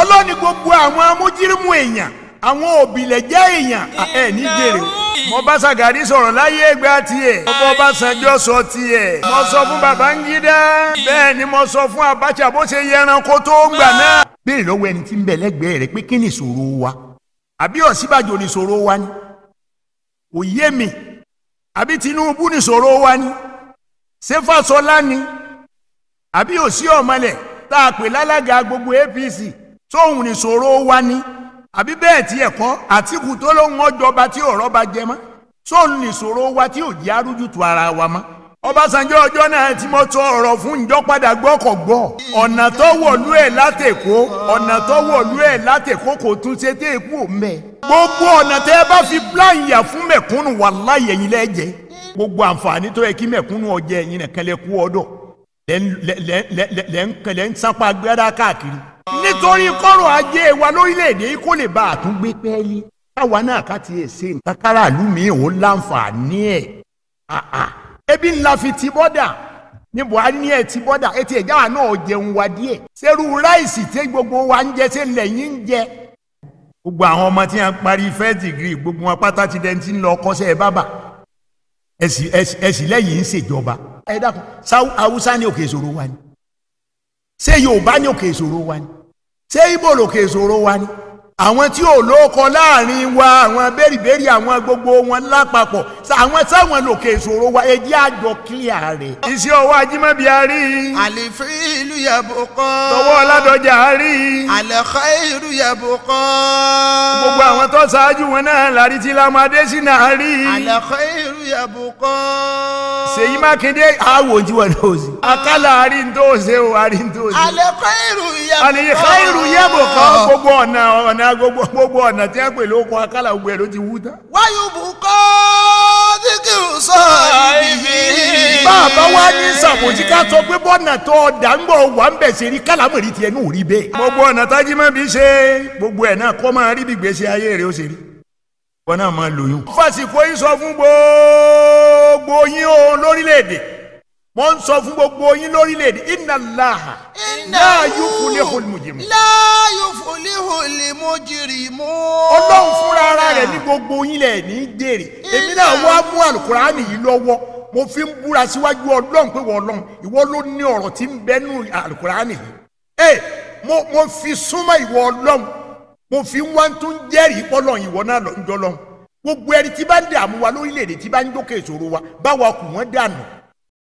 ọlọ́ni gbogbo àwọn amójírímù èèyàn àwọn òbílẹ̀jẹ́ èèyàn ẹ̀ ní jèrè mo bá Ṣàgàrí sọ̀rọ̀ láyé ìgbà tiẹ̀ mo bá Ọbásanjọ́ sọ tiẹ̀ mo sọ fún Babangida bẹ́ẹ̀ ni mo sọ fún Abacha bó ṣe yẹranko tó ń gbà náà. béèrè lọ́wọ́ ẹni tí ń bẹ lẹ́gbẹ̀ẹ́ rẹ pé kí ni ìṣòro wa àbí Ọ̀ṣínbàjò ni ìṣòro wa ni kò yé mi àbí Tinubu ni ìṣòro wa ni ṣé Fáṣọlá ni àbí òsì ọ̀mọlẹ̀ tá a pè lálága gbogbo APC sóhun nìṣòro wa ni àbí bẹ́ẹ̀ tí ẹ̀kọ́ àtìkù tó lóhun ọjọba tí ọ̀rọ̀ bá jẹ mọ́ sóhun nìṣòro wa tí ò jẹ́ arújútu ara wa mọ́. Ọbásanjọ́ ọjọ́ náà tí mo tọ ọ̀rọ̀ fún ìjọ padà gbọ́kọ̀ gbọ́ ọ̀nà tó wọ̀lú ẹ̀ látẹ̀kọ́ ọ̀nà tó wọ̀lú ẹ̀ látẹ̀kọ́ kò tún ṣe dé ikú mẹ́. gbogbo ọ̀nà tẹ́ ẹ bá fi plan yà fún mẹ̀kúnnù wà láyé nítorí kọ́rọ̀ ajé wa lórílẹ̀‐èdè yìí kó lè bá a tún gbé pẹ́ẹ́lí káwa náà ká ti ṣe nǹkan káràlú mi ò láǹfààní ẹ̀ ebi ńlá fi ti bọ́dà ní buhari ní ẹ ti bọ́dà etí ẹ̀já wa náà jẹun wa díẹ̀ ṣerú ráìsì tí gbogbo wa ń jẹ ṣe lẹ́yìn ń jẹ gbogbo àwọn ọmọ tí wọn parí first degree gbogbo wọn pátá ti dẹni tí ń lọ kọ́ṣẹ́ bábà ẹ sì lẹ́yìn ń ṣèjọba ẹ ṣé ibo lòkè ìṣòro wa ni àwọn tí ò lóko láàrin wa àwọn bẹ́rìbẹ́rì àwọn gbogbo wọn lápapọ̀ àwọn sáwọn lòkè ìṣòro wa ẹjẹ́ àjọ kílíà rẹ̀. iṣẹ́ ọwọ́ ajímọ̀bí a rí. àlèfé ìlú yàbò kọ́. tọwọ́ ọ̀làdọ̀jà a rí. àlẹ́kọ́ ìlú yàbò kọ́. gbogbo àwọn tó ṣáájú wọn náà lárí tí lámọ adésínà a rí. àlẹ́kọ́ ìlú yàbò kọ́. ṣèyí mákindé àwò tí wọn náà ṣe. akálà àrí ń tó ṣe o àrí ń tó ṣe. àlẹ́kọ́ ìlú yàbò kọ́. àlẹ́kọ́ ìlú yàbò kọ́. gbogbo ọ̀nà ọ̀nà gbogbo ọ̀nà tí a pè lóko akálà gbogbo ẹ̀ ló ti wú tán. wáyé bùkọ́ díkìrù sọ ibi. bàbá wa ní sàbòjì ká sọ pé bọ́ọ̀nà tó ọ̀dà ń bọ̀ wà ń bẹ̀ ṣe rí tiẹ̀ ní òrí gbogbo ọ̀nà tájí máa bí ṣe gbogbo ẹ̀ náà kọ́ máa rí bí gbèsè gbogbo yín o lórílẹ̀ mo ń sọ fún gbogbo yín lórílẹ̀‐èdè inna Allaha la yuflihul mujrimun. la yuflihul mujrimun. ọlọ́run fúnra ara rẹ̀ ní gbogbo yín lẹ̀ ní jèrè èmi náà wá mú àlùkùránì yìí lọ́wọ́ mo fi ń búra síwájú ọlọ́run pé wọ́n ọlọ́run ìwọ ló ní ọ̀rọ̀ tí ń bẹ́nu àlùkùránì yìí. ẹ mo mo fi súnmọ́ ìwọ ọlọ́run mo fi ń wá tún jẹ́rìí pọ́lọ́ ìwọ náà lọ́njọ́ lọ́run gbogbo ẹni tí bá ń dààmú wa lórílẹ̀ tí bá ń dókè ìṣòro wa báwa kù wọ́n dànù